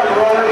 Thank you.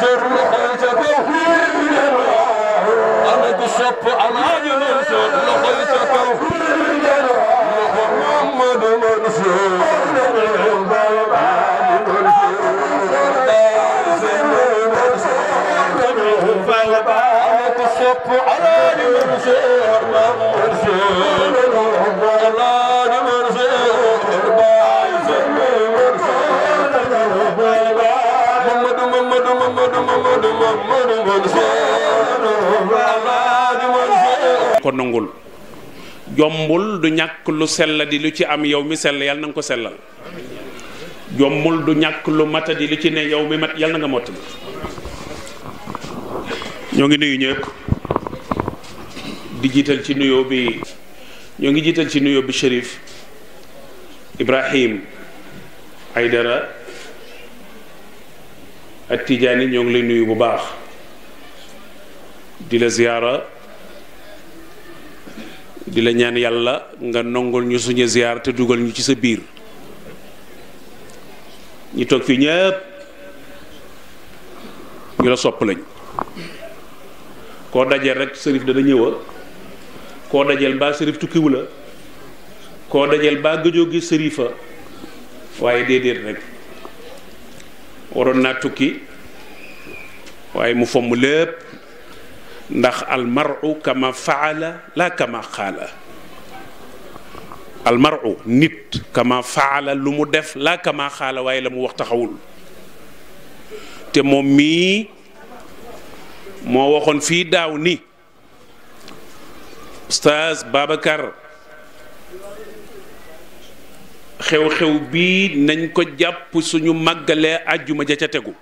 على المنصور الله المنصور الله المنصور ko nangul jombul du ñàkk lu sell lu ci am yow mi sell yàlla na nga ko sellal jombul du ñàkk lu mata di lu ci ne yow mi mat yàlla na nga mottali ñoo ngi nuyu ñëpp di jiital ci nuyoo bi ñoo ngi jiital ci nuyoo bi Chérif Ibrahim Aydara ak tijaani ñoo ngi lay nuyu bu baax di la ziyaara di la ñaan yàlla nga nongul ñu suñu ziyaar te dugal ñu ci sa biir ñu toog fii ñépp ñu la sopp lañ koo dajeel rek sërif dana ñëwa koo dajeel mbaa sërif tukkiwu la koo dajeel baa gëjoo gi sërifa waaye déedéet rek waroon naa tukki waaye mu fomm lépp ndax almaru kama faala la kama xaala almaru nit kama faala lu mu def la kama xaala waaye la mu wax taxawul te moom mii moo waxoon fii daaw ni ustaas Babacar xew-xew bii nañ ko jàpp suñu màggalee àjjuma ja ca tegu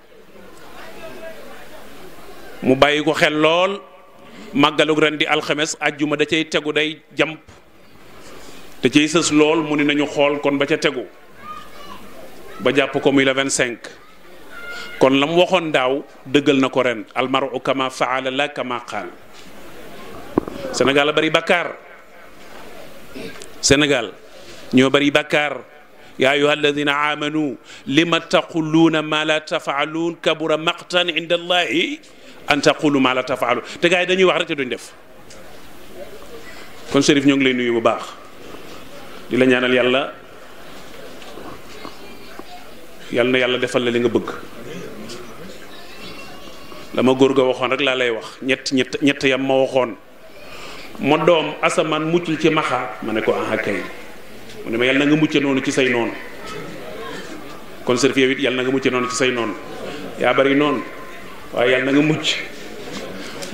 mu bàyyi ko xel lool màggalug ren di alxemes àjjuma da cay tegu day jàmp da cay sës lool mu ni nañu xool kon ba ca tegu ba jàpp ko muy la 25 kon la mu waxoon ndaaw dëggal na ko ren almaru kama faala la kama qaal Sénégal a bari bakkaar senegal ñoo bari bàkkaar yaa ayuha alladina aamanu lima taquluuna ma la tafaaluun kabura maqtan an taqulu ma la tafaaluun te dañuy wax rek te def kon Chérif ñoo ngi lay nuyu bu baax di la ñaanal yàlla yàlla na yàlla defal la li nga bëgg la ma góor ga waxoon rek laa lay wax ñett ñett ñett yam ma waxoon ma doom asamaan muccul ci maxa ma ne ko ah kay mu ne ma yàlla na nga mucce noonu ci say noonu kon sër fi yow na nga mucce noonu ci say noonu yaa bari noonu waaye yàlla na nga mucc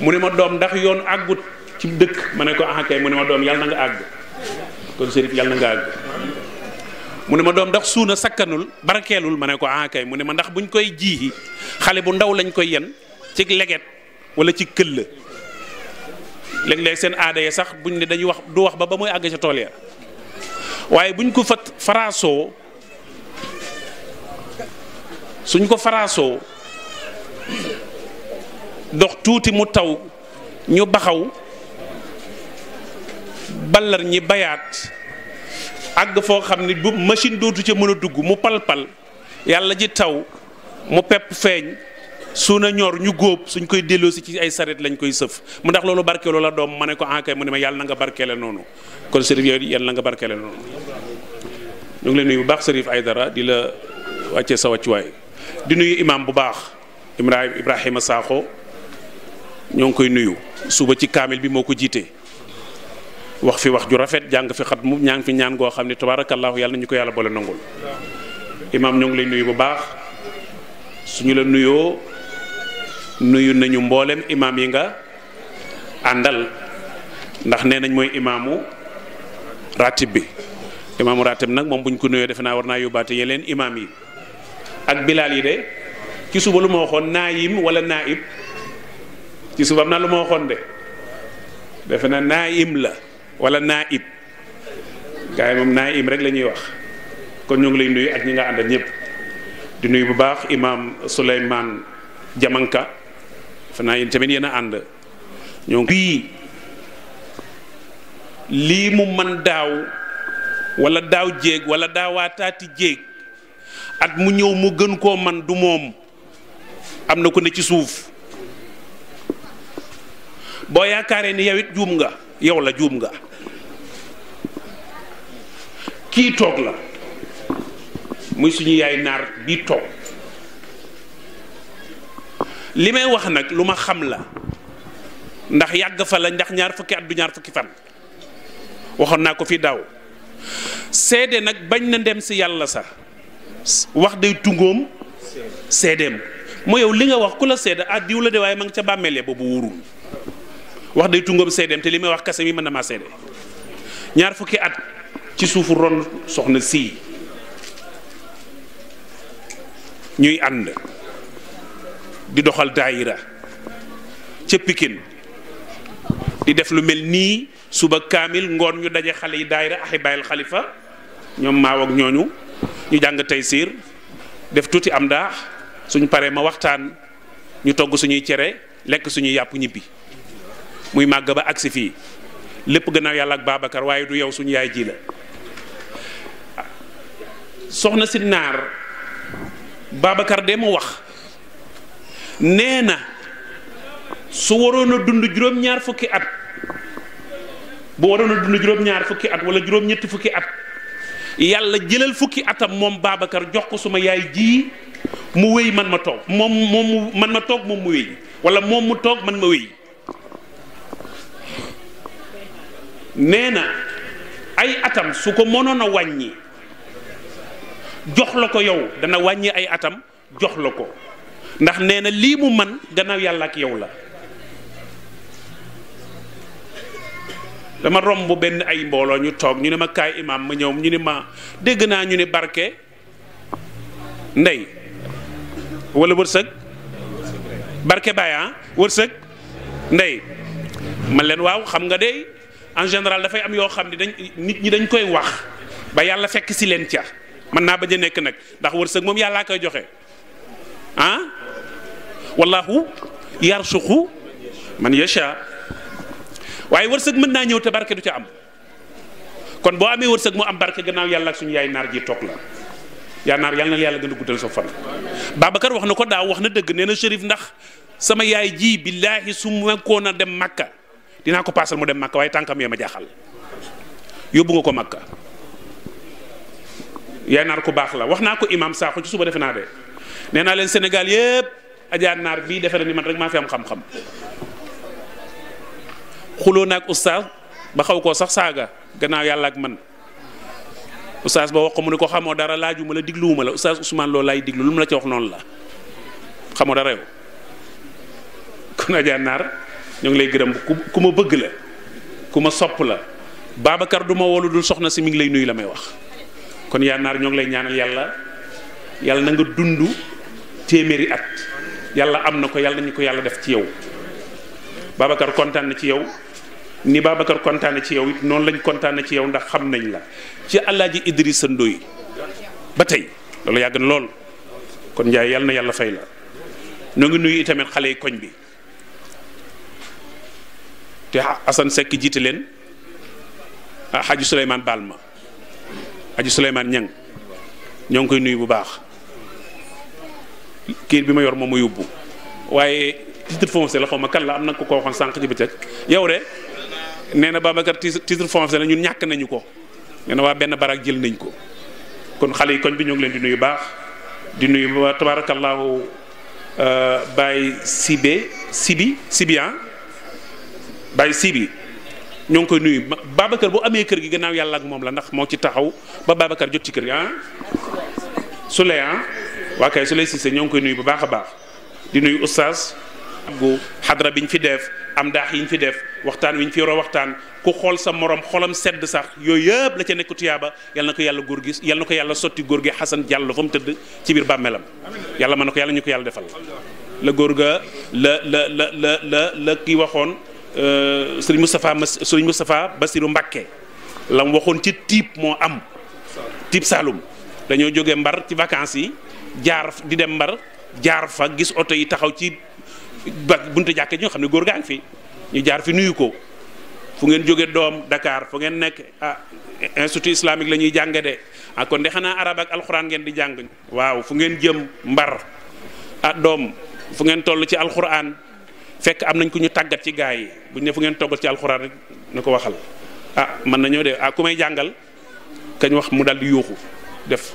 mu ne ma doom ndax yoon àggut ci dëkk ma ne ko ah kay mu ne ma doom nga àgg kon ne ma doom ndax suuna sakkanul barkeelul ma ne ko ah mu ne ma ndax buñ koy jiixi xale bu ndaw lañ koy yen cig leget wala ci këll leg léeg seen aada ya sax buñ ne dañuy wax du wax ba ba muy àgg ca tool ya waaye buñ ko fat faraasoo suñ ko faraasoo dox tuuti mu taw ñu baxaw ballar ñi bayaat àgg foo xam ni bu machine dootu ca mën a dugg mu pal pal yàlla ji taw mu pepp feeñ su na ñor ñu góob suñ koy delloosi ci ay saret lañ koy sëf mu ndax loolu barkeeloo la doom ma ne ko ankay ah mu ne ma yàlla na nga barkeele noonu kon sërif yooyu yàlla na nga barkeele noonu ñu ngi leen nuyu bu baax sërif Aydara di la wàccee sa wàccuwaay di nuyu imam bu baax Ibrahima Ibrahima Sakho ñoo ngi koy nuyu suba ci kaamil bi moo ko jiite wax fi wax ju rafet jàng fi xat mu ñaa fi ñaan goo xam ne tabaarakallaahu yàlla ñu ko yàlla boole nangul imam ñoo ngi lay nuyu bu baax suñu la nuyoo. nuyu nañu mboolem imaam yi nga àndal ndax nee nañ mooy imaamu ratib bi imaamu ratib nag moom buñ ko nuyoo defe naa war naa yóbbaate yeneen imaam yi ak bilaal yi de ci suba lu ma waxoon naayim wala naayib ci suba na lu ma waxoon de defe na naayim la wala naayib gars yi moom naayim rek lañuy wax kon ñu ngi lay nuyu ak ñi nga àndal ñëpp di nuyu bu baax imaam Souleymane Diamanka fanaa yéen tamit yéen a ànd ñoo ngi lii mu man daaw wala daaw jéeg wala daawaataati jéeg at mu ñëw mu gën koo man du moom am na ku ne ci suuf boo yaakaaree ni yow it juum nga yow la juum nga kii toog la muy suñu yaay naar bii toog li may wax nag lu ma xam la ndax yàgg fa la ndax ñaar fukki at du ñaar fukki fan waxoon naa ko fii daw seede nag bañ na ndem si yàlla sax wax day tungoom seedeem moo yow li nga wax ku la seede ah diw de waaye ma nga ca bàmmeele boobu wóorul wax day tungoom seedeem te li may wax kase mi mën na maa seede ñaar fukki at ci suufu ron soxna sii ñuy ànd di doxal daayira ca Pikine di def lu mel nii suba kaamil ngoon ñu daje xale yi daayira ahibayil xalifa ñoom maaw ñooñu ñu jàng tey siir def tuuti am daax suñ paree ma waxtaan ñu togg suñuy cere lekk suñu yàpp ñibbi muy màgg ba agsi fii lépp gën gannaaw yàlla ak Babacar waaye du yow suñu yaay ji la soxna si naar Babacar de mu wax nee na su waroon a dund juróom-ñaar fukki at bu waroon a dund juróom-ñaar fukki at wala juróom-ñetti fukki at yàlla jëlal fukki atam moom Babacar jox ko suma yaay ji mu wéy man ma toog moom man ma toog moom mu wéy wala moom mu toog man ma wéy nee na ay atam su ko mënoon a wàññi jox la ko yow dana wàññi ay atam jox la ko ndax nee na lii mu man gannaaw yàlla ak yow la dama romb benn ay mbooloo ñu toog ñu ne ma kaay imaam ma ñëw ñu ne ma dégg naa ñu ne barke ndey wala wërsëg barke baay ah, wërsëg ndey man leen waaw xam nga de en général dafay am yoo xam ne dañ nit ñi dañ koy wax ba yàlla fekk si leen ca mën naa ba a nekk nag ndax wërsëg moom yàllaa koy joxe ah. wallahu yarsuqu man yasha waaye wërsëg mën naa ñëw te barke du ca am kon boo amee wërsëg mu am barke gannaaw yàlla ak suñu yaay naar ji toog la yaa naar yàlla na yàlla gën a guddal sa fan Babacar wax na ko daaw wax na dëgg nee na Chérif ndax sama yaay ji billaahi su ma koon a dem Makka dinaa ko paasal mu dem Makka waaye tànkam yee ma jaaxal yóbbu nga ko Makka yaay naar ku baax la wax naa ko imam Sakho ci suba defe naa de nee leen Sénégal yëpp ajaan naar bii defe na ni man rek maa fi am xam-xam xuloo naag oustaz ba xaw koo sax saaga gannaaw yàlla ak man oustaz ba wax mu ne ko xamoo dara laajuma la digluwuma la oustaz Ousmane loolu laay diglu lu mu la ci wax noonu la xamoo dara yow kon ajaan naar ñoo ngi lay gërëm ku ma bëgg la ku ma sopp la Babacar du ma wolu dul soxna si mi ngi lay nuyu la may wax kon yaa naar ñoo ngi lay ñaanal yàlla yàlla na nga dund téeméeri at yàlla am na ko yàlla nañu ko yàlla def ci yow Babacar kontaan na ci yow ni Babacar kontaan na ci yow noonu lañ kontaan ci yow ndax xam nañ la ci Alaaji Idrissa Ndoy ba tey loolu yàgg na lool kon Ndiaye yàlla na yàlla fay la noo ngi nuyu itamit xale yi koñ bi te Assane Seck jiite leen ah Hadji Souleymane Balma Hadji Souleymane Niang ñoo ngi koy nuyu bu baax. kii bi ma yor moom ma yóbbu waaye titre foncier la xaw ma kan la am na ko koo waxoon sànq ci bëccëg yow de nee na Babacar titre foncier la ñun ñàkk nañu ko nee na waa benn barak jël nañ ko kon xale yi koñ bi ñoo ngi leen di nuyu baax di nuyu waa tabaarakallaahu euh, Baye Sibé Sibi Sibian ah. Baye Sibi ñoo ngi koy nuyu Babacar bu amee kër gi gannaaw yàlla ak moom la ndax moo ci taxaw ba Babacar jot ci kër gi ah. Souley ah. waa kay su lay siisee ñoo ngi koy nuyu bu baax a baax di nuyu oustaz gu xadra biñ fi def am daax yiñ fi def waxtaan wiñ fi war waxtaan ku xool sa moroom xolam sedd sax yooyu yëpp la ca nekku tuyaaba yal na ko yàlla góor gi yal na ko yàlla sotti góor gi xasan jàll fa mu tëdd ci biir bàmmeelam yàlla mën na ko yàlla ñu ko yàlla defal la góor ga la la la la ki waxoon euh, sëriñ Moustapha Mas sëriñ Moustapha Basiru Mbàkke la mu waxoon ci tiib moo am tiib Saalum dañoo jógee Mbar ci vacances yi jaar di dem mbar jaar fa gis oto yi taxaw ci ba buntu jàkkee ñu xam ne góor gaa ngi fi ñu jaar fi nuyu ko fu ngeen jóge doom Dakar fu ngeen nekk ah institut islamique la ñuy jànge de ah kon de xanaa arab ak alxuraan ngeen di jàng. waaw fu ngeen jëm mbar ah doom fu ngeen toll ci alxuraan fekk am nañ ko ñu tàggat ci gaa yi buñ ne fu ngeen toggal ci alxuraan rek ko waxal ah mën nañoo de ah ku may jàngal kañ wax mu dal di yuuxu def.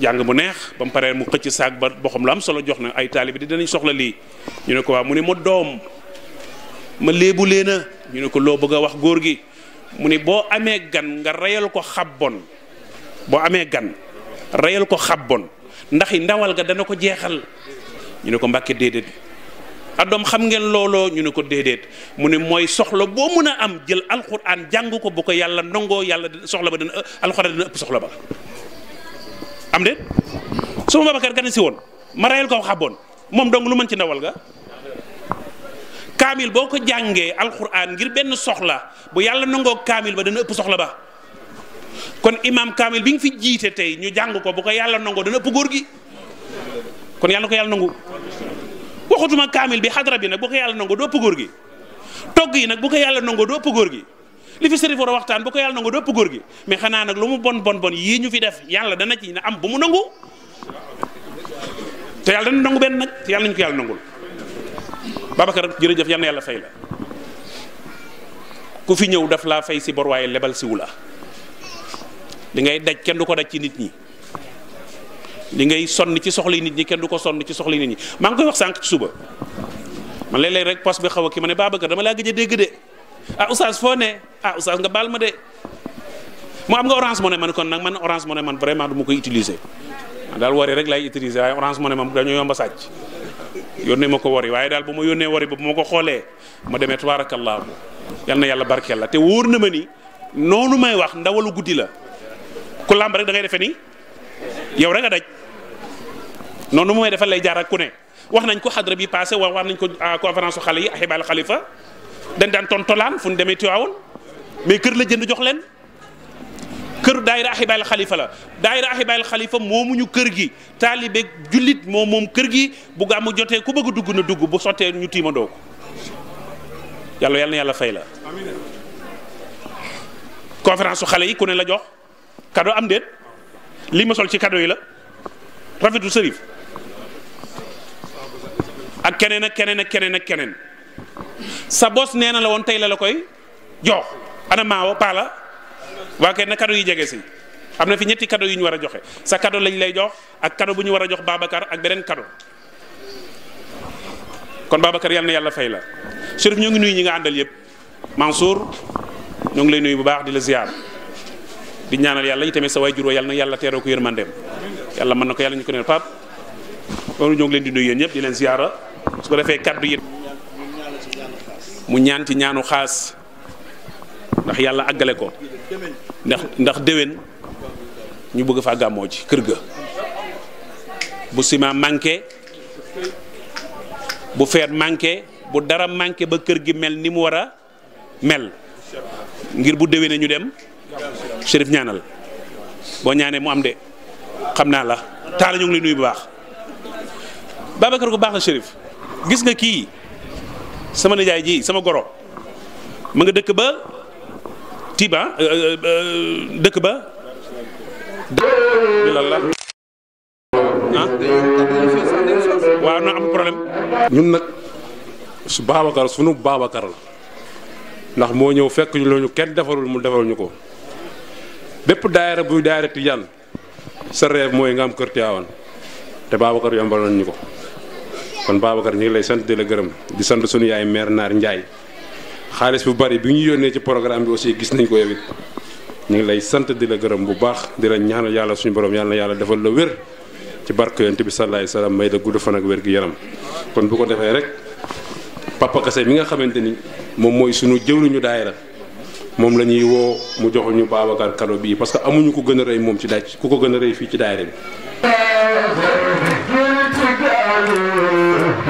jàng mu neex ba mu paree mu xëcc saag ba boxam lu am solo jox na ay taalibi di dinañ soxla lii ñu ne ko waaw mu ne ma doom ma léebu leen a ñu ne ko loo bëgg a wax góor gi mu ne boo amee gan nga reyal ko xabbon boo amee gan reyal ko xabbon ndax i ndawal ga dana ko jeexal ñu ne ko mbàkke déedéet ah, doom xam ngeen looloo ñu ne ko déedéet mu ne mooy soxla boo mën a am jël alxuraan jàng ko bu ko yàlla nangoo yàlla soxla ba dana alxuraan dana ëpp soxla ba am déet su ma Babacar gane si woon ma reyal ko xaboon moom dong lu mën ci ndawal ga kaamil boo ko jàngee alxuraan ngir benn soxla bu yàlla nangoo kaamil ba dana ëpp soxla ba kon imaam kaamil bi nga fi jiite tey ñu jàng ko bu ko yàlla nangoo dana ëpp góor gi kon yàlla ko yàlla nangu waxutuma kaamil bi xadra bi nag bu ko yàlla nangoo doo ëpp góor gi togg yi nag bu ko yàlla nangoo doo ëpp góor gi li fi sëriñ war a waxtaan bu ko yàlla nangu dëpp góor gi mais xanaa nag lu mu bon bon bon yii ñu fi def yàlla dana ci na am bu mu nangu te yàlla nangu benn nag te yàlla nañu ko yàlla nangul Babacar jërëjëf yal na yàlla fay la ku fi ñëw daf laa fey si bor waaye lebal si wu la li ngay daj kenn du ko daj ci nit ñi li ngay sonn ci soxla nit ñi kenn du ko sonn ci soxla nit ñi maa ngi koy wax sànq suba man léeg-léeg rek poste bi xaw a kii ma ne Babacar dama laa gëj ah oustaz foo ne ah oustaz nga baal ma de mu am nga orange money man kon nag man orange money man vraiment du ma koy utiliser man daal wari rek laay utiliser waaye orange money man dañoo yomba sàcc yónnee ma ko wari waaye daal bu ma yónnee wari ba bu ma ko xoolee ma demee tabaarakallaahu yal na yàlla barkeel la te wóor na ma ni noonu may wax ndawalu guddi la ku làmb rek da ngay defee ni yow rek a daj noonu may defal lay jaar ku ne wax nañ ko xadra bi passé wax wax nañ ko ah, conférence su xale yi Ahiba al dañ daan tontolaan fu ñu demee Tiwaawoon mais kër la jënd jox leen kër daayira ahibayil xalifa la daayira ahibayil xalifa moomuñu kër gi taalibe jullit moom moom kër gi bu gàmmu jotee ku bëgg dugg na dugg bu sottee ñu tiima ko yàlla yàlla na fay la conférence su xale yi ku ne la jox kado am déet li ma sol ci cadeau yi la rafetu sërif ak keneen ak keneen ak keneen ak keneen sa bos nee na la woon tey la la koy jox ana maawo waa kenn na cadeau yi jege si am na fi ñetti kado yu ñu war a joxe sa kado lañ lay jox ak cadeau bu ñu war a jox Babacar ak beneen kado kon Babacar yal na yàlla fay la Chérif ñoo ngi nuyu ñi nga àndal yëpp Mansour ñoo ngi lay nuyu bu baax di la ziar di ñaanal yàlla tamit sa waajur yàlla na yàlla teeroo ko yërmandeem yàlla mën na ko yàlla ñu ko neel Pape loolu ñoo ngi leen di nuyu yéen ñëpp di leen ziara su ko defee kaddu yi. mu ñaan ci ñaanu xaas ndax yàlla àggale ko ndax ndax déwén ñu bëgg faa gàmmoo ci kër ga bu ciment manqué bu feet manqué bu dara manqué ba kër gi mel ni mu war a mel ngir bu déwénee ñu dem Chérif ñaanal boo ñaanee mu am de xam naa la taala ñu ngi lay bu baax Babacar ku baax la Chérif gis nga kii sama nijaay ji sama goro ma nga dëkk ba Tiba euh, euh, euh, dëkk ba. ah waaw na am problème. ñun nag su Babacar sunu Babacar la ndax moo ñëw fekk ñu loolu kenn defarul mu defarul ñu ko bépp daayira buy daayira Tijaan sa rêve mooy nga am kër Tiwaawan te Babacar yombal nañ ko. kon Babacar ñu ngi lay sant di la gërëm di sant suñu yaay mère Naar Ndiaye xaalis bu bari bi ñu yónnee ci programme bi aussi gis nañ ko yow it ñu ngi lay sant di la gërëm bu baax di la ñaanal yàlla suñu borom yàlla na yàlla defal la wér ci barke bi salaay salaam may da gudd fan ak wér gi yaram kon bu ko defee rek papa Kase mi nga xamante ni moom mooy suñu daay daayira moom la ñuy woo mu joxul ñu Babacar kado bii parce que amuñu ko gën a rëy moom ci daaj ku ko gën a rëy fii ci daayira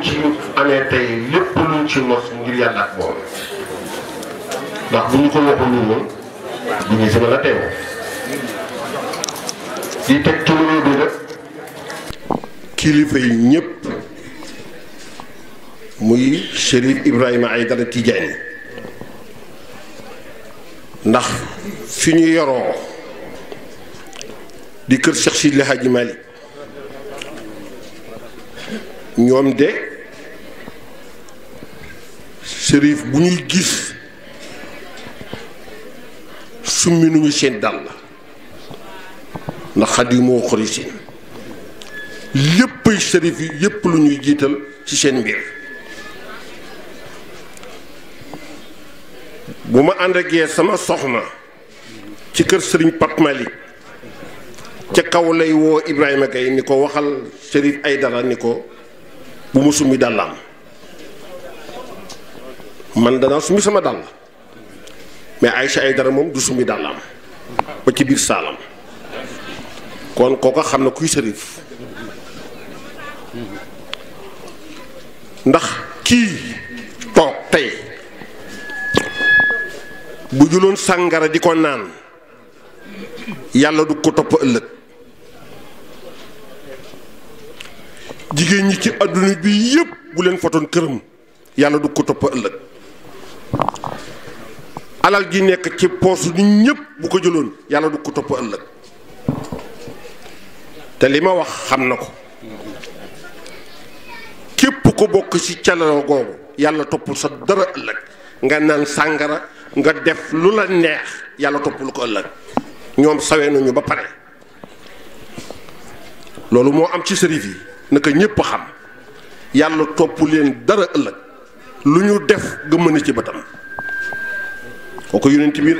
buñ ci amee tey lépp luñ ci mos ngir yàlla ak moom ndax bu ñu ko waxul woon bu ñu sama la teewoo di teg ci loolu bi nag kilifa yi ñëpp muy Chérif Ibrahima Aïdara Tidiane ndax fi ñu yoroo di kër Cheikh Sidi Hadji Malick ñoom de sëriif bu ñuy gis summi nuñu seen dàll ndax xat yi moo xori si léppay sëriif yi yépp lu ñuy jiital ci seen mbir bu ma ànd ak yee sama soxna ci kër sëriñ Pat ca kaw lay woo Ibrahima Gaye ni ko waxal sëriif ay dara ni ko bu ma summi dàllaam man danaa sumi sama dàll mais ay Aïcha Aïdara moom du sumi dàllam ba ci biir saalam kon kooka xam na kuy sërif ndax kii toog tey bu juloon sàngara di ko naan yàlla du ko topp ëllëg jigéen ñi ci àdduna bi yépp bu leen fotoon këram yàlla du ko topp ëllëg alal gi nekk ci poos ni ñëpp bu ko jëloon yàlla du ko topp ëllëg te li ma wax xam na ko képp ko bokk ci calal googu yàlla toppul sa dara ëllëg nga naan sàngara nga def lu la neex yàlla toppul ko ëllëg ñoom sawee nañu ba pare loolu moo am ci sërif yi naka ñépp xam yàlla topp leen dara ëllëg lu ñu def nga mën ci bëtam kooku yonent bi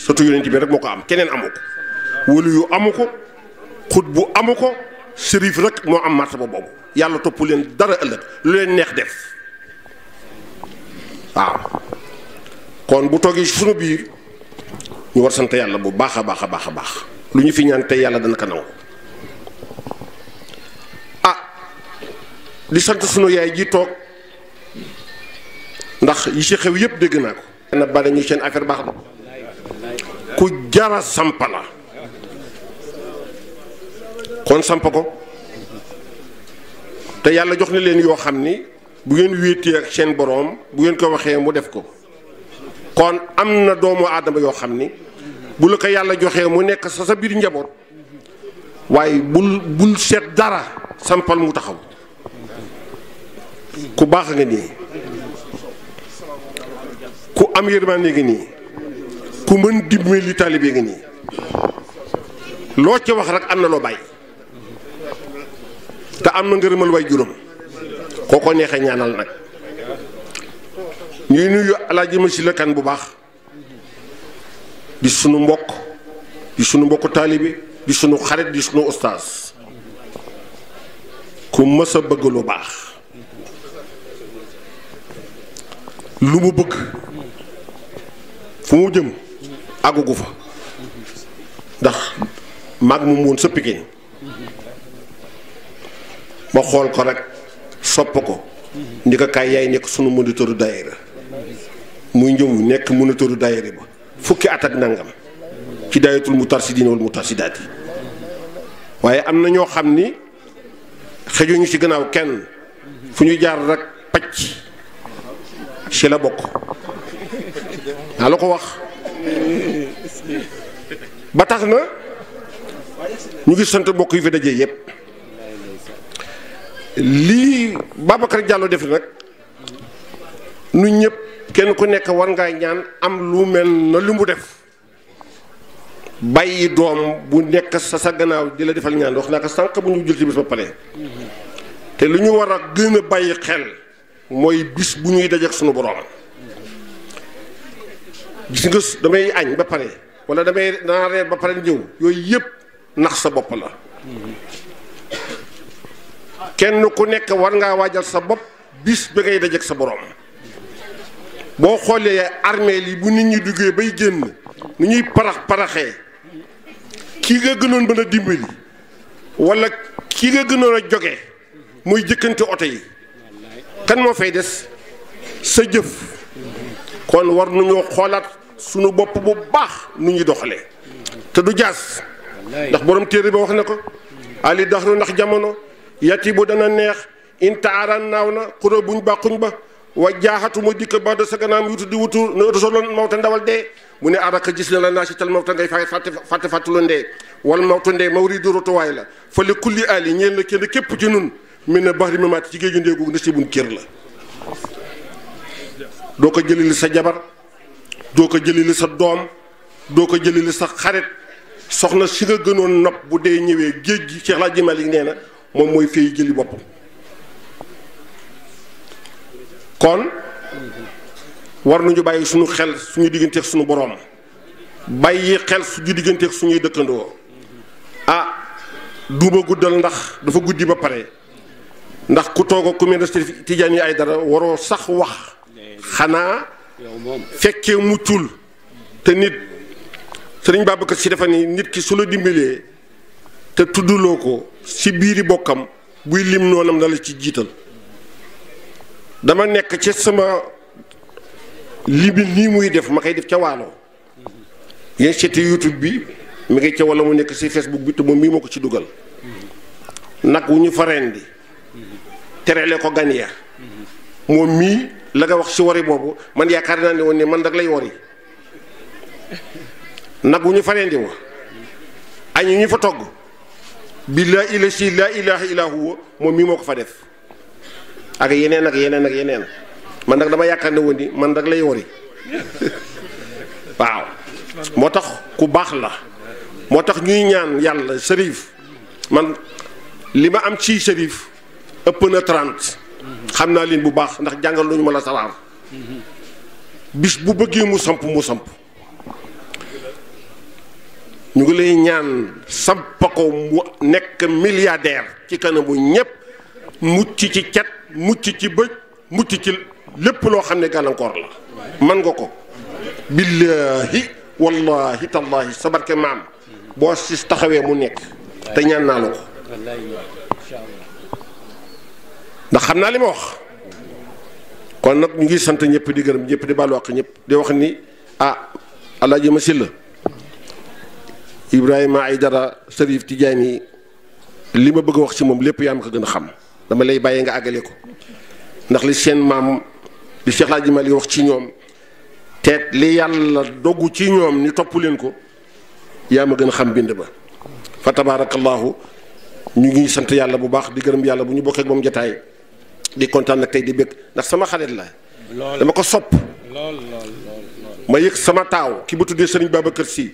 soto yonent bi rek moo ko am keneen amu ko wëlu yu amu ko xut bu amu ko sërif rek moo am martaba boobu yàlla topp leen dara ëllëg lu leen neex def waaw kon bu toogee suñu biir ñu war sant yàlla bu baax a baax a baax a baax lu ñu fi ñaan tey yàlla dana ko nangu ah di sant sunu yaay ji toog ndax yi ci xew yépp dégg naa ko na bari seen affaire na ku jara samp kon samp ko te yàlla jox na leen yoo xam ni bu ngeen wéetee ak seen boroom bu ngeen ko waxee mu def ko kon am na doomu aadama yoo xam ni bu la ko yàlla joxee mu nekk sa sa biir njaboot waaye bul bul seet dara sampal mu taxaw ku baax nga nii ku am yërmande ngi nii ku mën dimbali taalibe ngi nii loo ci wax rek am na loo bàyyi te am na ngërëmal way juróom koo ko neexee ñaanal nag ñuy nuyu alaaji Masila Kan bu baax di sunu mbokk di sunu mbokk taalibe di suñu xarit di sunu ostaas ku mës bëgg lu baax lu mu bëgg fu mu jëm àggugu fa ndax mag mu woon sa Pikine ma xool ko rek sopp ko ni yaay nekk sunu moniteur daayira muy njëw nekk moniteur daayira ba fukki at ak nangam ci daayatul mu tarsi diina wala mu tarsi daati waaye am na ñoo xam ni xëjuñu ci gannaaw kenn fu ñu jaar rek pacc ci la bokk naa la ko wax ba tax na ñu ngi sant mbokk yu fi dajee yëpp lii Babacar Diallo def nag nu ñëpp kenn ku nekk war ngaa ñaan am lu mel na lu mu def bàyyi doom bu nekk sa sa gannaaw di la defal ñaan wax naa ko sànq bu ñu jël ci bis ba pare te lu ñu war a gën a bàyyi xel mooy bis bu ñuy dajeek sunu borom. gis nga damay añ ba pare wala damay danaa reer ba pare ñëw yooyu yëpp nax sa bopp la kenn ku nekk war ngaa waajal sa bopp bis bi ngay dajeek sa borom boo xoolee armeel yi bu nit ñi duggee bay génn nu ñuy parax paraxee kii nga gënoon mën a dimbali wala kii nga gënoon a joge muy jëkkante oto yi kan moo fay des sa jëf kon war nañoo xoolaat suñu bopp bu baax nu ñuy doxalee te du jaas ndax boroom téere ba wax na ko ali daxru ndax jamono yati bu dana neex intaaran naaw na xuró buñ bàquñ ba wa jaaxatu ma dikk ba do sa ganaam yutu di wutu na solo mawta ndawal dee mu ne araka gis na la naa si tal mawta ngay fay fàtte fàtte fàttulu ndee wal mawta ndee mawri du rotuwaay la fa li kulli ali ñeen la kenn képp ci nun mel ne baxri mamaati ci géeju ndeegu na si buñ la doo ko jëlili sa jabar doo ko jëlili sa doom doo ko jëlili sa xarit soxna si nga gënoon nopp bu dee ñëwee géej gi Cheikh Laaji Malik nee na moom mooy fay jëli boppam kon war nañu bàyyi suñu xel suñu digganteeg suñu boroom bàyyi xel suñu digganteeg suñuy dëkkandoo a ah, duuma guddal ndax dafa guddi ba pare ndax ku toog ku mel ne Cherif Tidiane Aidara waroo sax wax xanaa fekkee muccul te nit sëriñ Babacar Si dafa ni nit ki su la dimbalee te tudduloo ko si biiri bokkam buy lim noonam na la ci jiital dama nekk ci sama limi nii muy def ma koy def ca waalo yéen seeti youtube bi mi ngi ca wala mu nekk si facebook bi te moom mii moo ko ci dugal nag wu ñu fa rendi terele ko gan ya moom mii la nga wax si wari boobu man yaakaar naa ne woon ne man rek lay wari nag wu ñu faneen di wa añu ñu fa togg bi laa ila si laa ilaha illa moom mii moo ko fa def ak yeneen ak yeneen ak yeneen man nag dama yaakaar ne woon ni man rek lay wari waaw moo tax ku baax la moo tax ñuy ñaan yàlla sërif man li ma am ci sërif ëpp na 30 xam naa leen bu baax ndax jàngal lu ñu ma la sawaar bis bu bëggee mu samp mu samp ñu ngi lay ñaan samp ko mu nekk milliardaire ci kanamu ñépp mucc ci cet mucc ci bëj mucc ci lépp loo xam ne gàllankoor la man nga ko billaahi wallaahi tallaahi sa barke maam boo sis taxawee mu nekk te ñaan naa la ko ndax xam naa li ma wax kon nag ñu ngi sant ñëpp di gërëm ñëpp di baalu àq ñëpp di wax ni ah alaaji ma si la silla Ibrahima Aïdara Sërif Tijaan yi li ma bëgg a wax ci moom lépp yaa ma ko gën a xam dama lay bàyyee nga àggale ko ndax li seen maam li Cheikh ma Malik wax ci ñoom te li yàlla doggu ci ñoom ñu topp leen ko yaa ma gën a xam bind ba fa tabaarakallaahu ñu ngi sant yàlla bu baax di gërëm yàlla bu ñu bokkee moom jataay di kontaan nag tey di bëgg ndax sama xarit la. dama ko sopp ma yëg sama taaw ki bu tuddee Serigne Babacar Sy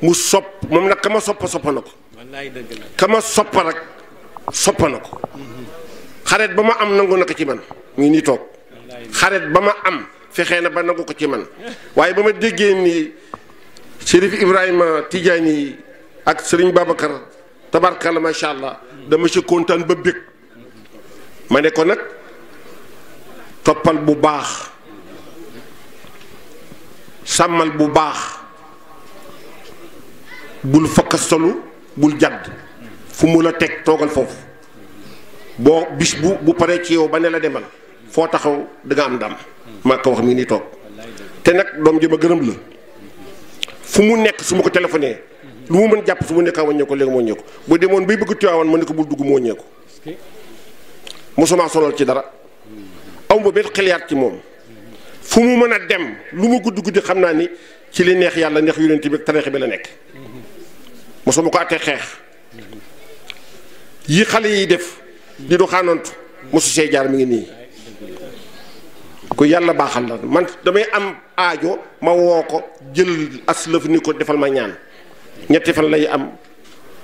mu sopp moom nag ka soppa soppa na ko. wallaay dëgg la ka ma soppa rek soppa na ko. xarit ba ma am nangu na ko ci man ngi nii toog xarit ba ma am fexee na ba nangu ko ci man waaye ba ma déggee ni Chérif Ibrahima Tidiane yi ak Serigne Babacar tabarkalla macha allah dama ci kontaan ba bëgg ma ne ko nag. toppal bu baax sàmmal bu baax bul fokkastolu bul jàdd fu mu la teg toogal foofu boo bis bu bu paree ci yow ba ne la demal foo taxaw da nga am ndam maa ko wax mi ni toog te nag doom jëma gërëm la fu mu nekk su ma ko téléphoné lu mu mën jàpp su mu nekka wàññeeku léegi moo ñeeku bu demoon bay bëgg tuyaawan ma ne ko bul dugg moo waññeeku mosuma solol ci dara aw ba benn xiliyaat ci moom fu mu mën a dem lu mu gudd guddi xam naa ni ci li neex yàlla neex yonent bi tariix bi la nekk mosuma ko àttee xeex yi xale yi def di du xaanantu mosu see jaar mi ngi nii ku yàlla baaxal la man damay am aajo ma woo ko jël aslëf ni ko defal ma ñaan ñetti fan lay am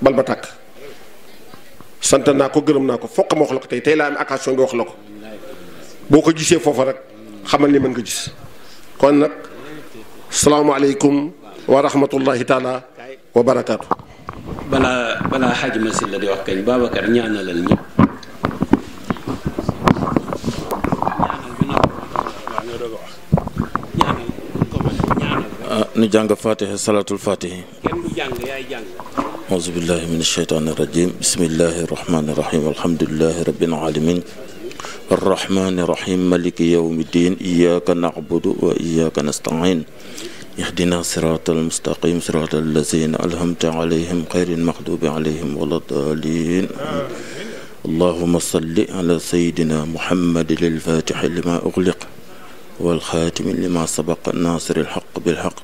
bal ba tàkk sant naa ko gërëm naa ko fokk ma wax la ko tey tey laa am occasion bi wax la ko boo ko gisee foofa rek xamal ni mën nga gis kon nag salaamaaleykum wa rahmatullahi taala wa barakaatu. balaa balaa xaaj ma si la di wax kañ ñaanalal ñëpp. Ah, nu jàng fatiha salaatul fatihi. kenn du jàng yaay jàng. auzu billahi min asheytaani rajim bismillahi rahmaani الرحمن الرحيم مالك يوم الدين إياك نعبد وإياك نستعين اهدنا الصراط المستقيم صراط الذين ألهمت عليهم غير المغضوب عليهم ولا الضالين اللهم صل على سيدنا محمد الفاتح لما أغلق والخاتم لما سبق الناصر الحق بالحق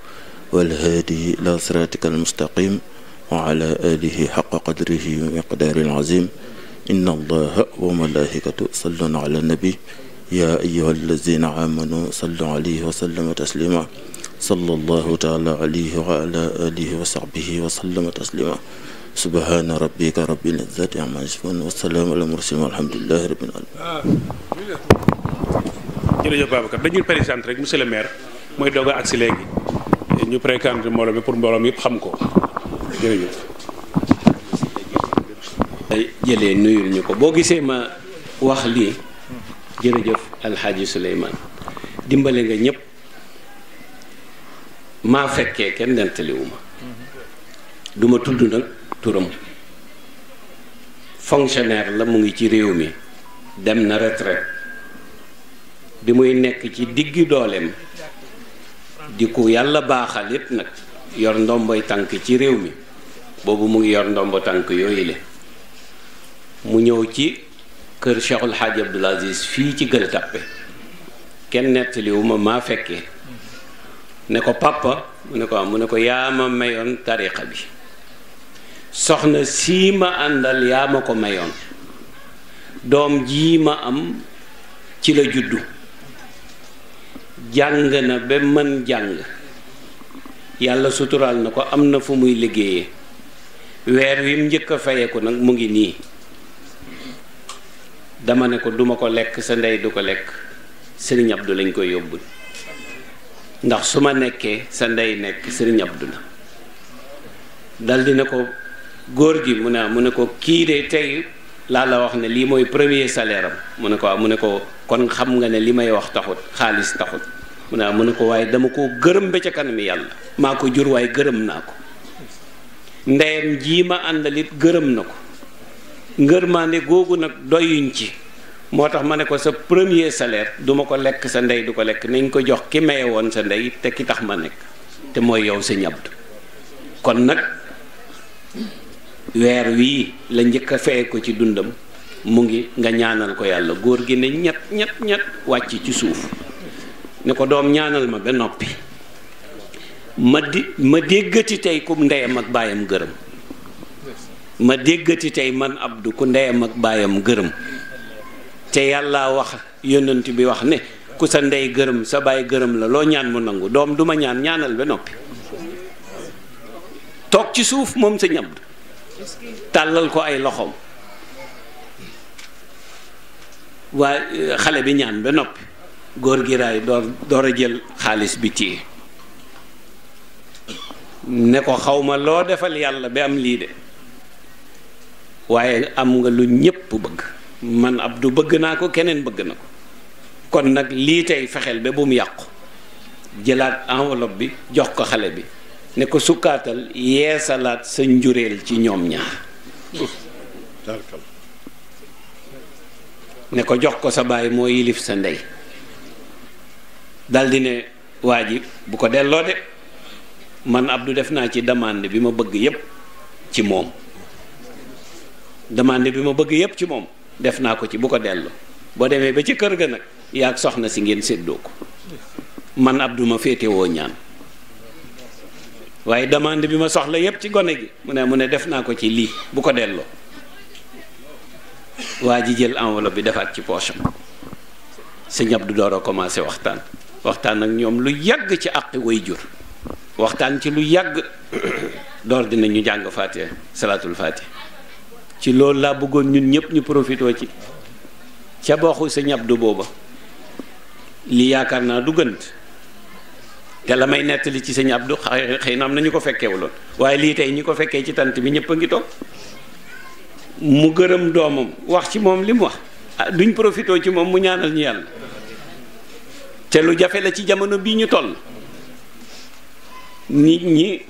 والهادي إلى صراطك المستقيم وعلى آله حق قدره ومقدار العظيم inna allaha wa malaikatu salluuna ala nabi yaa ayyuha allazina amanu sallu alayhi wa sallama taslima sallallahu taala alayhi wa ala alihi wa sahbihi wa sallama taslima subhaana rabbika rabbil izzati amma yasifuun wa salaamu ala mursalin walhamdulillahi rabbil alamin jërëjëf Babacar dañuy présenter rek monsieur le maire mooy doog a agsi léegi ñu présenter mbooloo mi pour mbooloo mi yëpp xam ko jërëjëf jële nuyul ñu ko boo gisee ma wax lii jërëjëf alxaaji Suleymaan dimbali nga ñépp maa fekkee kenn dentaliwuma duma tudd nag turam fonctionnaire la mu ngi ci réew mi dem na retraite bi muy nekk ci digg dooleem di ku yàlla baaxal it nag yor ndomboy tànk ci réew mi boobu mu ngi yor ndombo tànk yooyu le mu ñëw ci kër Cheikhul Hadj Abdoul Aziz fii ci Gueule Tapée kenn nettaliwuma maa fekkee ne ko papa mu ne ko am mu ne ko yaa ma mayoon tariqa bi soxna sii ma àndal yaa ma ko mayoon doom jii ma am ci la juddu jàng na ba mën jàng yàlla suturaal na ko am na fu muy liggéeyee weer wi mu njëkk a fayeku nag mu ngi nii dama ne ko duma ko lekk sa ndey du ko lekk sëriñ Abdu lañ koy yóbbu ndax su ma nekkee sa ndey nekk sëriñ du la daldi ne ko góor gi mu ne mu ne ko kii de tey laa la wax ne lii mooy premier salaire am mu ne ko mu ne ko kon xam nga ne li may wax taxut xaalis taxut mu ne mu ne ko waaye dama ko gërëm ba ca kanam yàlla maa ko jur waaye gërëm naa ko ndeyam jii ma àndalit gërëm na ko ngërmaande googu nag doyuñ ci moo tax ma ne ko sa premier salaire duma ko lekk sa ndey du ko lekk nañ ko jox ki maye woon sa ndey te ki tax ma nekk te mooy yow sa ñabdu kon nag weer wii la njëkk a feye ko ci dundam mu ngi nga ñaanal ko yàlla góor gi ne ñett ñett ñett wàcc ci suuf ne ko doom ñaanal ma ba noppi ma di ma déggati tey kum ndeyam ak baayam gërëm ma déggati tey man abdu ku ndeyam ak baayam gërëm te yàlla wax yonent bi wax ne ku sa ndey gërëm sa baay gërëm la loo ñaan mu nangu doom duma ñaan ñaanal ba noppi toog ci suuf moom sëñ abdu tàllal ko ay loxoom waa xale bi ñaan ba noppi góor gi raay door door a jël xaalis bi téye ne ko xawma loo defal yàlla ba am lii de waaye am nga lu ñépp bëgg man ab du bëgg naa ko keneen bëgg na ko kon nag lii tey fexeel ba bu yàqu jëlaat enveloppe bi jox ko xale bi ne ko sukkaatal yeesalaat sa njureel ci ñoom ñaar ne ko jox ko sa baay moo yilif sa ndey daldi ne waa ji bu ko delloo de man Abdou def naa ci demande bi ma bëgg yépp ci moom demande bi ma bëgg yépp ci moom def naa ko ci bu ko delloo boo demee ba ci kër ga nag yaa soxna si ngeen séddoo ko man du ma féetewoo ñaan waaye demande bi ma soxla yépp ci gone gi mu ne mu ne def naa ko ci lii bu ko delloo waa ji jël enveloppe bi defaat ci poche am sëñ du door a commencé waxtaan waxtaan ak ñoom lu yàgg ci àqi way jur waxtaan ci lu yàgg door ñu jàng faatiha salaatul faatiha ci loolu laa bëggoon ñun ñëpp ñu profitoo ci ca boxu sëñ Abdu booba lii yaakaar naa du gënt te la may nettali ci sëñ Abdu xëy na am na ñu ko fekkewuloon waaye lii tey ñi ko fekkee ci tant bi ñëpp a ngi toog mu gërëm doomam wax ci moom li mu wax ah, duñ profitoo ci moom mu ñaanal ñu yàlla te lu jafe la ci jamono bii ñu toll nit ñi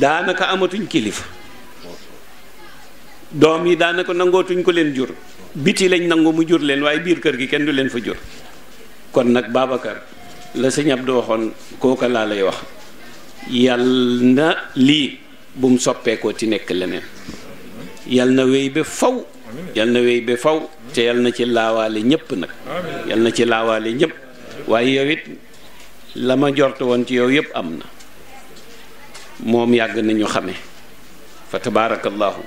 daanaka amatuñ kilifa. doom yi daanaka nangootuñ ko leen jur biti lañ nangu mu jur leen waaye biir kër gi kenn du leen fa jur kon nag Babacar la sëñ Abdu waxoon kooka laa lay wax yal na lii bum soppeekoo ci nekk leneen yal na wéy ba faw yal na wéy ba faw te yal na ci laawaale ñëpp nag yal na ci laawaale ñëpp waaye yow it la ma jort woon ci yow yëpp am na moom yàgg nañu xame fa tabaarakallaahu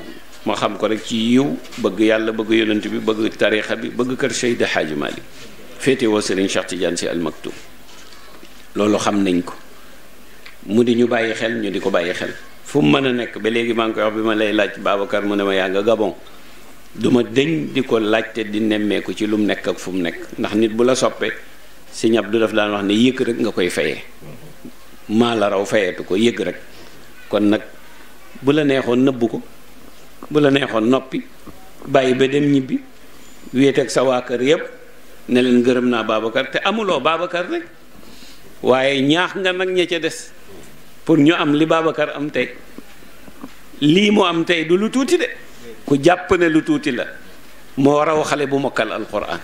ma xam ko rek ci yiw bëgg yàlla bëgg yonent bi bëgg tariixa bi bëgg kër Seydi Hadji Malick féete woo Serigne Cheikh Tidiane Sy Al Maktoum loolu xam nañ ko mu di ñu bàyyi xel ñu di ko bàyyi xel fu mu mën a nekk ba léegi maa ngi koy wax bi ma lay laaj Babacar mu ne ma yaa nga Gabon duma dëñ di ko laajte di nemmeeku ci lu mu nekk ak fu mu nekk ndax nit bu la soppee Serigne Abdou daf daan wax ne yëg rek nga koy fayee maa la raw fayeetu ko yëg rek kon nag bu la neexoon bu la neexoon noppi bàyyi ba dem ñibbi wéet ak sa waa kër yépp ne leen gërëm naa Babacar te amuloo Babacar rek waaye ñaax nga nag ña ca des pour ñu am li Babacar am tey lii mu am tey du lu tuuti de ku jàpp ne lu tuuti la moo raw xale bu mokkal alxuraan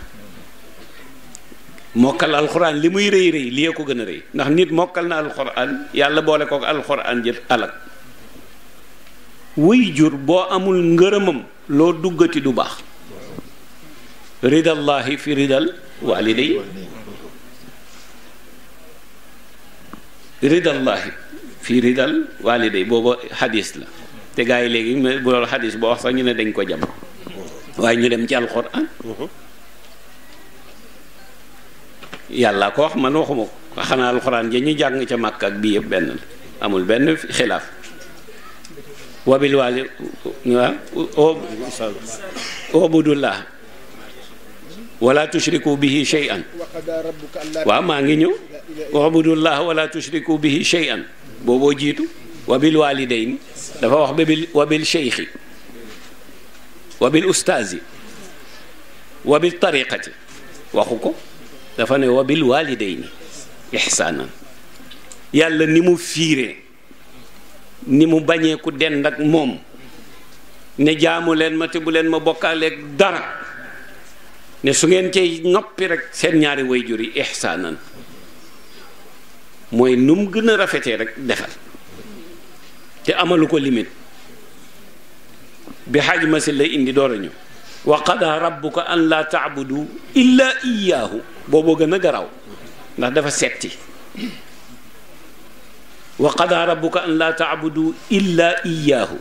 mokkal alxuraan li muy rëy rëy lii ko gën a rëy ndax nit mokkal na alxuraan yàlla boole kook alxuraan jël alak wuy jur boo amul ngërëmam loo duggati du baax ridallahi fi ridal waliday ridallahi fi ridal waliday booba xadis la te gaa yi léegi bu loolu xadis boo wax sax ñu ne dañ ko jam waaye ñu dem ci alxuraan yàlla ko wax man waxuma ko xanaa alxuraan ja ñu jàng ca màkk ak bii yëpp benn la amul benn xilaaf wabil waali waaw ubudullah wala tushriku bihi shay'an waaw maa ngi ñëw ubudullah wala tushriku bihi shay'an booboo jiitu wabil waalidayni dafa wax babil wabil sheykhi wabil ustaazi wabil tariqati waxu ko dafa ne wabil waalidayni ihsaanan yàlla ni mu fiiree ni mu bañee ku dend ak moom ne jaamu leen ma te bu leen ma bokkaaleeg dara ne su ngeen cay noppi rek seen ñaari way jur yi ihsaanan mooy nu mu gën a rafetee rek defal te amalu ko limit bi xaaj ma si la indi door a ñëw wa qada rabbuka an laa taabudu illa iyaahu booboo gën a garaaw ndax dafa setti wa qadaa rabbuka an laa taabudu illa iyaahu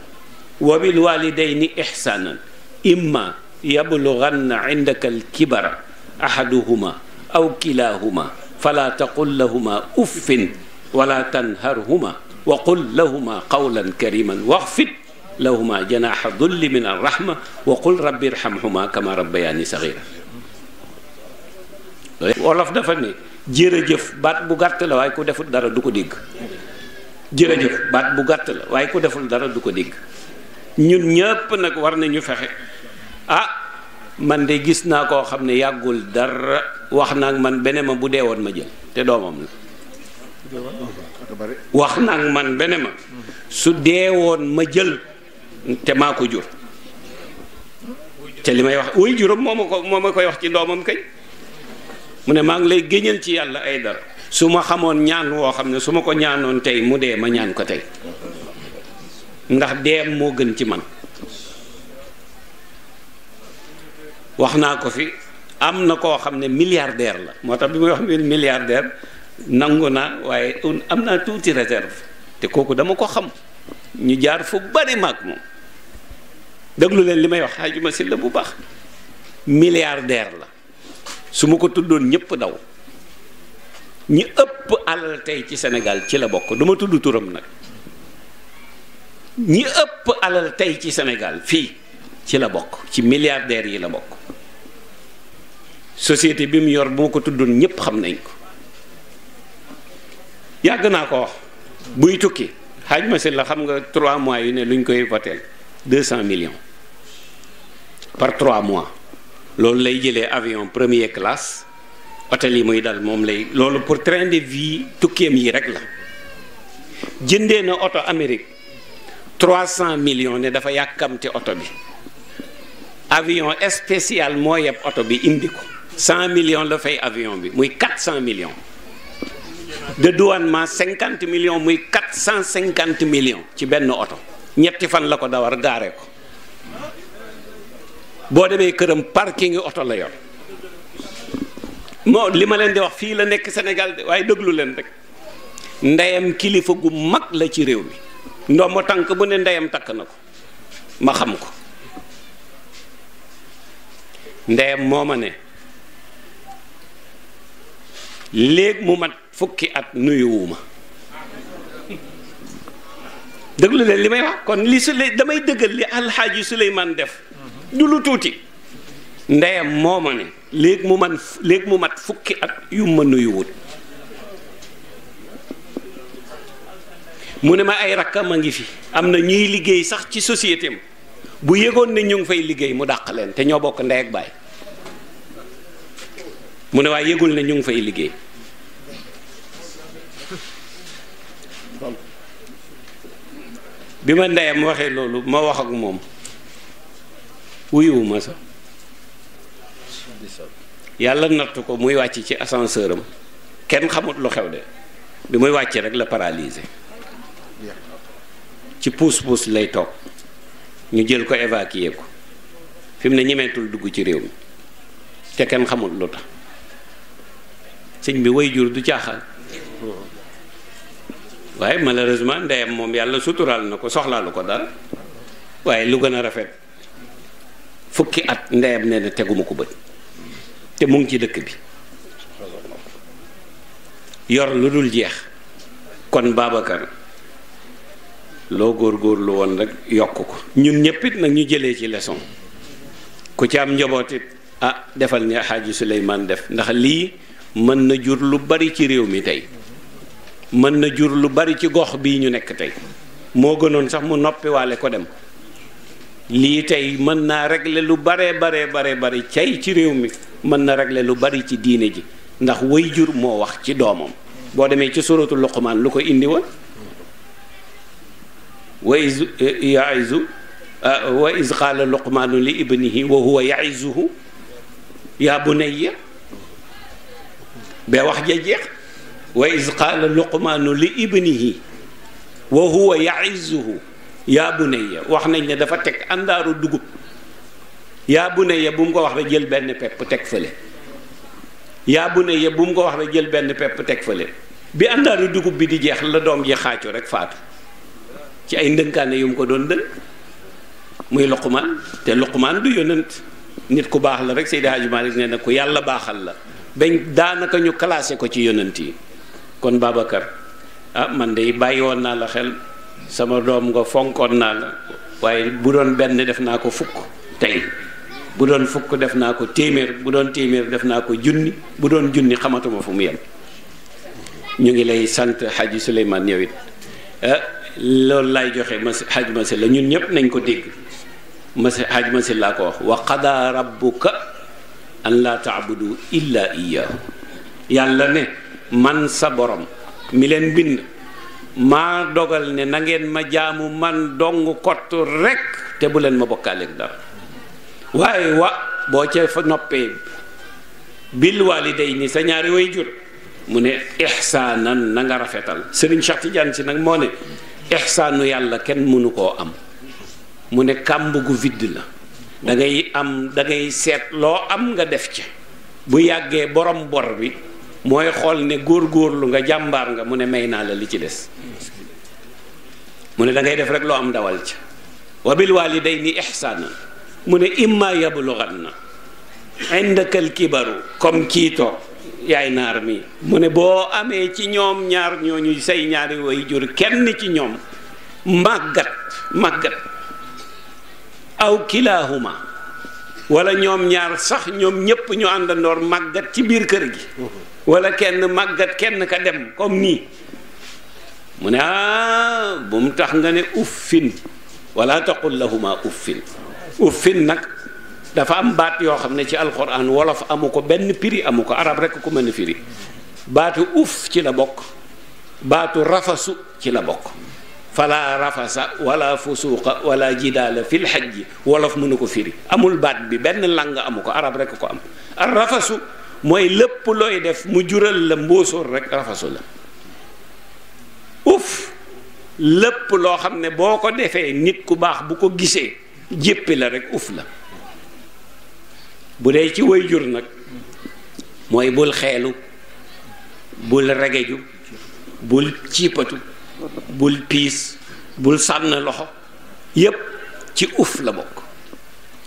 wa bil walidayni ixsaanan imma yablughanna indaka alkibara ahaduhuma aw kilaahuma falaa taqul lahuma uffin wala tanharhuma wa qul lahuma qawlan kariman waxfid lahuma janaaxa dulli min arrahma wa qul rabbi irhamhuma kama rabbayaani saxiira wolof dafa ne jërëjëf baat bu gàtt la waaye ku defut dara du ko dégg jërëjëf baat bu gàtt la waaye ku deful dara du ko dikk ñun ñëpp nag war na ñu fexe a ah, man de gis naa koo xam ne yàggul dara wax naa man bene ma bu dee woon ma jël te doomam wax naa man bene ma su dee woon ma jël te maa ko jur te li may wax wuy juróom moo ma ko moo ma koy wax ci doomam kañ mu ne maa ngi lay géñal ci yàlla ay dara su ma xamoon ñaan woo xam ne su ma ko ñaanoon tey mu dee ma ñaan ko tey ndax deem moo gën ci man wax naa ko fi am na koo xam ne milliardaire la moo tax bi may wax milliardaire nangu naa waaye am naa tuuti réserve te kooku dama ko xam ñu jaar fu bari maag moom déglu leen li may wax xaajuma si la bu baax milliardaire la su ma ko tuddoon ñëpp daw ñi ëpp alal tey ci Sénégal ci la bokk duma tudd turam nag ñi ëpp alal tey ci Sénégal fii ci la bokk ci milliardaires yi la bokk société bi mu yor bu ma ko tuddoon ñépp xam nañ ko yàgg naa ko wax buy tukki xaaj ma si la xam nga trois mois yu ne luñ koy voteel deux cent millions par trois mois loolu lay jëlee avion première classe hôtel yi muy dal moom lay loolu pour train de vie tukkeem yi rek la jëndee na oto Amérique 300 millions ne dafa yàkkamte oto bi avion spécial moo yeb oto bi indi ko million millions la fay avion bi muy 400 millions de douanement 50 millions muy 450 millions ci benn oto ñetti fan la ko dawar gaare ko boo demee këram parking oto la yor. moo li ma leen di wax fii la nekk senegal de waaye déglu leen rek ndeyam kilifa gu mag la ci réew mi ndomba tànk bu ne ndeyam takk na ko ma xam ko ndeyam moo ma ne léegi mu mat fukki at nuyuwuma déglu leen li may wax kon li su damay dëggal li alxaaji Suleymaan def du lu tuuti ndeyam moo ma ne léegi mu man mat fukki ak yu ma nuyuwut mu ne ma ay rakkam a ngi fi am na ñuy liggéey sax ci société am bu yëgoon ne ñu ngi fay liggéey mu dàq leen te ñoo bokk ndey ak baay mu ne waaye yëgul ne ñu ngi fay liggéey bi ma ndeyam waxee loolu ma wax ak moom wuyuwuma sax yàlla nattu ko muy wàcc ci ascenseur am kenn xamut lu xew de bi muy wàcc rek la paralysé ci puus-puus lay toog ñu jël ko évacuer ko fi ne ñemeetul dugg ci réew mi te kenn xamut lu tax sëñ bi way jur du caaxaan waaye malheureusement ndeyam moom yàlla suturaal na ko soxlaalu ko dara waaye lu gën a rafet fukki at ndeyam nee teguma ko bët te mu ngi ci dëkk bi yor lu dul jeex kon Babacar loo góorgóorlu woon rek yokk ko ñun ñëppit nag ñu jëlee ci leçon ku ci am njobootit ah defal ni xaaji Suleymaan def ndax lii mën na jur lu bari ci réew mi tey mën na jur lu bari ci gox bii ñu nekk tey moo gënoon sax mu noppiwaale ko dem lii tey mën naa régler lu bare bare bare bari cay ci réew mi mën na régler lu bari ci diine ji ndax wayjur moo wax ci doomam boo demee ci suratu luqmaan lu ko indi wa iz yaizu wa iz qaala luqmaanu li ibnihi wa huwa yaizuhu yaa bunayya ba wax ja wa iz li ibnihi wa huwa yaizuhu yaa bunayya wax nañ ne dafa teg àndaaru dugub yaa bu mu ko wax rek jël benn pepp teg fële yaa bunayya bu mu ko wax rek jël benn pepp teg fële bi àndaaru dugub bi di jeex la doom ji xaacu rek faatu ci ay ndënkaane yu mu ko doon dënk muy Luqmaan te Luqmaan du yonent nit ku baax la rek Seydi Hadji Malick nee na ko yàlla baaxal la bañ daanaka ñu classé ko ci yonent yi kon Babacar ah man dey bàyyi woon naa la xel sama doom nga fonkoon naa la waaye bu doon benn def naa ko fukk tey bu doon fukk def naa ko téeméer bu doon téeméer def naa ko junni bu doon junni xamatuma fu mu yem ñu ngi lay sant xaji Souleymane yow it eh, laay joxe mas xaj masi la ñun ñëpp nañ ko dégg masi xaj masi laa ko wax wa qadaa rabbuka an laa taabudu illa iyaahu yàlla ne man sa borom mi leen bind maa dogal ne nangeen ma jaamu man dong kott rekk te bu leen ma bokkaaleeg dara waaye wa boo ca fa noppee bil walidayni sa ñaari way jur mu ne ihsaanan nanga rafetal sëriñ Cheikh si nag moo ne ihsaanu yàlla kenn mënu koo am mu ne kàmb gu vide la dangay am da seet loo am nga def ci bu yàggee borom bor bi mooy xool ne góorgóorlu nga jàmbaar nga mu ne may naa la li ci des mu ne dangay def rek loo am dawal ci wa bil walidayni ihsaanan mu ne imma yablughanna indaka al kibaru comme kiito yaay naar mi mu ne boo amee ci ñoom ñaar ñooñu say ñaari way jur kenn ci ñoom màggat màggat aw kilaahuma wala ñoom ñaar sax ñoom ñépp ñu àndandoor màggat ci biir kër gi wala kenn màggat kenn ka dem comme nii mu ne ah bu mu tax nga ne uffin wala taqul lahuma uffin uffin nag dafa am baat yoo xam ne ci alquran wolof amu ko benn piri amu ko arab rekk ku mën a firi baatu uff ci la bokk baatu rafasu ci la bokk fala rafasa walla fusuuqa wala jidaala fil xajji wolof mënu ko firi amul baat bi benn làng amu ko arab rek ko am ar rafasu mooy lépp looy def mu jural la mbóosóor rek rafasu la uf lépp loo xam ne boo ko defee nit ku baax bu ko gisee jippi la rek uf la bu dee ci way jur nag mooy bul xeelu bul regeju bul ciipatu bul piis bul sànn loxo yépp ci uf la bokk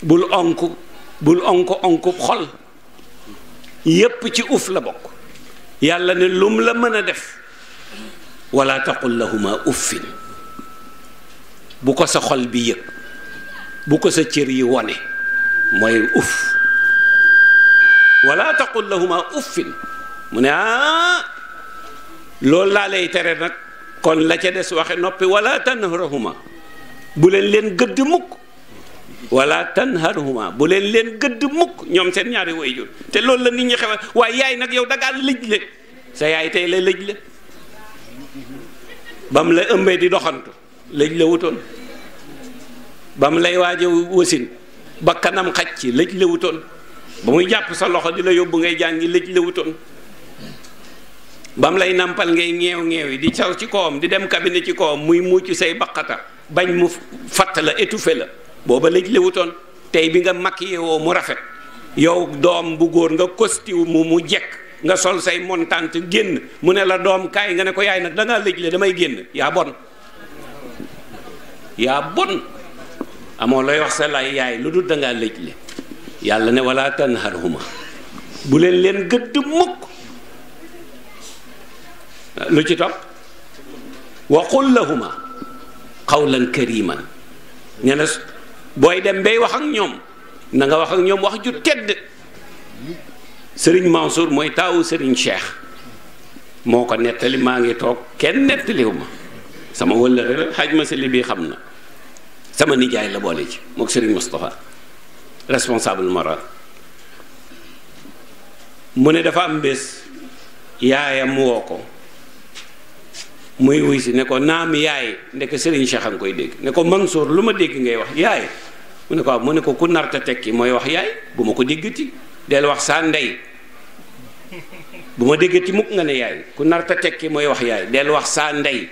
bul onk bul onk onk xol yépp ci uf la bokk yàlla ne lum la mën a def wala taqul lahuma uffin bu ko sa xol bi yëg bu ko sa cër yi wone mooy uf wala taqul lahuma uffin mu ne ah loolu laa lay tere nag kon la ca des waxe noppi wala tanharhuma bu leen leen gëdd mukk wala tanharhuma bu leen leen gëdd mukk ñoom seen ñaari waajur te loolu la nit ñi xewal waaye yaay nag yow dangaa lëj le sa yaay tey la lëj le ba mu la ëmbee di doxantu lëj la wutoon ba mu lay waaje wasin ba kanam xaj ci lëj la wutoon ba muy jàpp sa loxo di la yóbbu ngay jàngi lëj la wutoon ba mu lay nàmpal ngay ñeew ñeew yi di caw ci kawam di dem cabine ci kawam muy mucc say baqata bañ mu fatt la étouffé la booba lëj lewutoon tey bi nga maquillé woo mu rafet yow doom bu góor nga costume mu mu jekk nga sol say montante génn mu ne la doom kaay nga ne ko yaay nag da ngaa lëj le damay génn yaa bon yaa bon amoo looy wax sa lay yaay lu dul da ngaa lëj le yàlla ne wala tanharhuma bu leen leen gëdd mukk lu ci topp wa qul lahuma qawlan kariman ñu ne booy dem bay wax ñoom nanga nga wax ak ñoom wax ju tedd sëriñ Mansour mooy taawu sëriñ Cheikh moo ko nettali maa ngi toog kenn nettaliwu ma sama wëllëre la xaaj ma seli bii xam na sama nijaay la boole ci mook sëriñ Moustapha responsable moral mu ne dafa am bés yaayam woo ko muy wuy si ne ko naam yaay ndeke Serigne Cheikh a koy dégg ne ko Mansour lu ma dégg ngay wax yaay mu ne ko mu ne ko ku narta tekki mooy wax yaay bu ma ko déggati del wax saa ndey bu ma déggati mukk nga ne yaay ku narta tekki mooy wax yaay del wax saa ndey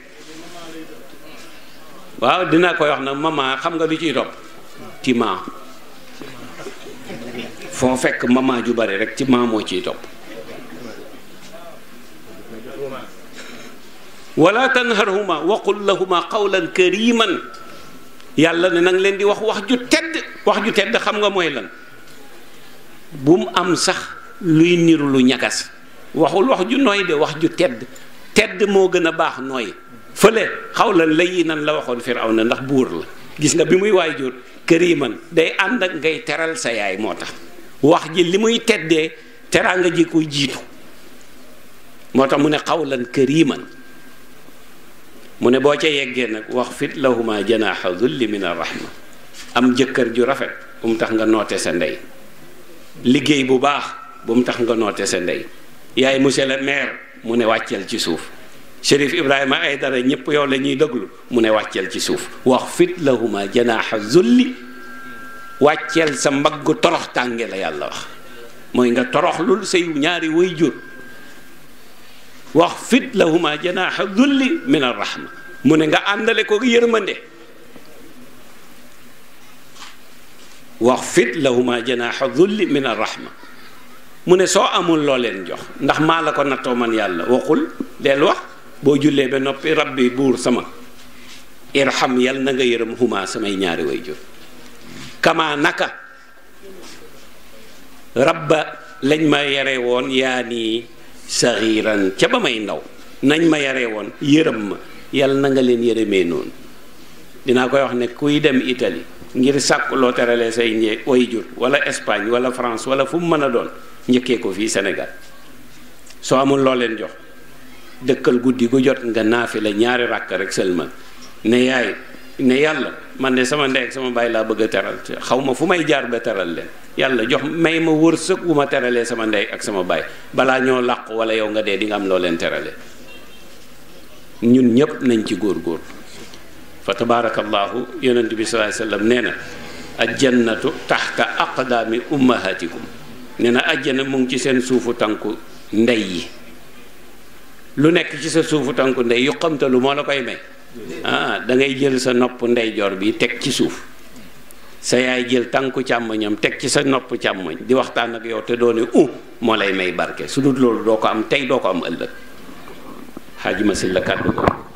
waaw dinaa koy wax nag mama xam nga lu ciy topp ci maa foo fekk mama ju bari rek ci moo ciy topp wala tanharhuma waqul lahuma qawlan kariman yàlla ne nang leen di wax wax ju tedd wax ju tedd xam nga mooy lan bu mu am sax luy niru lu ñagas waxul wax ju nooy de wax ju tedd tedd moo gën a baax nooy fële xawlan layyinan la waxoon na ndax buur la gis nga bi muy waajur kariman day ànd ak ngay teral sa yaay moo tax wax ji li muy teddee teraanga ji koy jiitu moo tax mu ne xawlan kariman mu ne boo ca yeggee nag wax fit lahuma janaaxa zulli min arrahma am jëkkër ju rafet bu mu tax nga noote sa ndey liggéey bu baax bu mu tax nga noote sa ndey yaay monsieur la maire mu ne wàcceel ci suuf Chérif Ibrahima dara ñëpp yow la ñuy déglu mu ne wàcceel ci suuf wax fit lahuma janaaxa zulli wàcceel sa mbaggu torox tànge la yàlla wax mooy nga toroxlul say ñaari way jur waxfid lahuma janaaxa dulli min arrahma mu ne nga àndale ko yërmande waxfid janaax janaaxa dulli min arrahma mu ne soo amul loo leen jox ndax maa la ko nattoo man yàlla waxul deel wax boo jullee ba noppi rabbi buur sama irham yal na nga yërëm huma samay ñaari way jur kama naka rabba lañ ma yare woon yaa nii saxiiran ca ba may ndaw nañ ma yare woon yërëm ma yàlla na nga leen yërëmee noonu dinaa koy wax ne kuy dem Italie ngir sàkk loo terale say njee way jur wala Espagne wala France wala fu mu mën a doon njëkkee ko fii senegal soo amul loo leen jox dëkkal guddi gu jot nga naafi la ñaari ràkk rek sëlmal ne yaay ne yàlla man de sama ndey sama baay laa bëgg a teral xaw ma fu may jaar ba teral leen yàlla jox may ma wërsëg wu ma teralee sama ndey ak sama baay balaa ñoo làqu wala yow nga dee dinga am loo leen terale ñun ñëpp nañ ci góor-góor fa tabaarakallaahu yonent bi sallallahu alayhi wasallam nee na ajjannatu taxta aqdaami ummahatikum nee na ajjana mu ci seen suufu tànku ndey yi lu nekk ci sa suufu tànku ndey yu xamtalu moo la koy may ah da ngay jël sa nopp ndeyjoor bi teg ci suuf sa yaay jël tànku càmmoñam teg ci sa noppu càmmoñ di waxtaan ak yow te doo ne u uh, moo lay may barke su dul loolu doo ko am tey doo ko am ëllëg xaajuma si la kàddu ko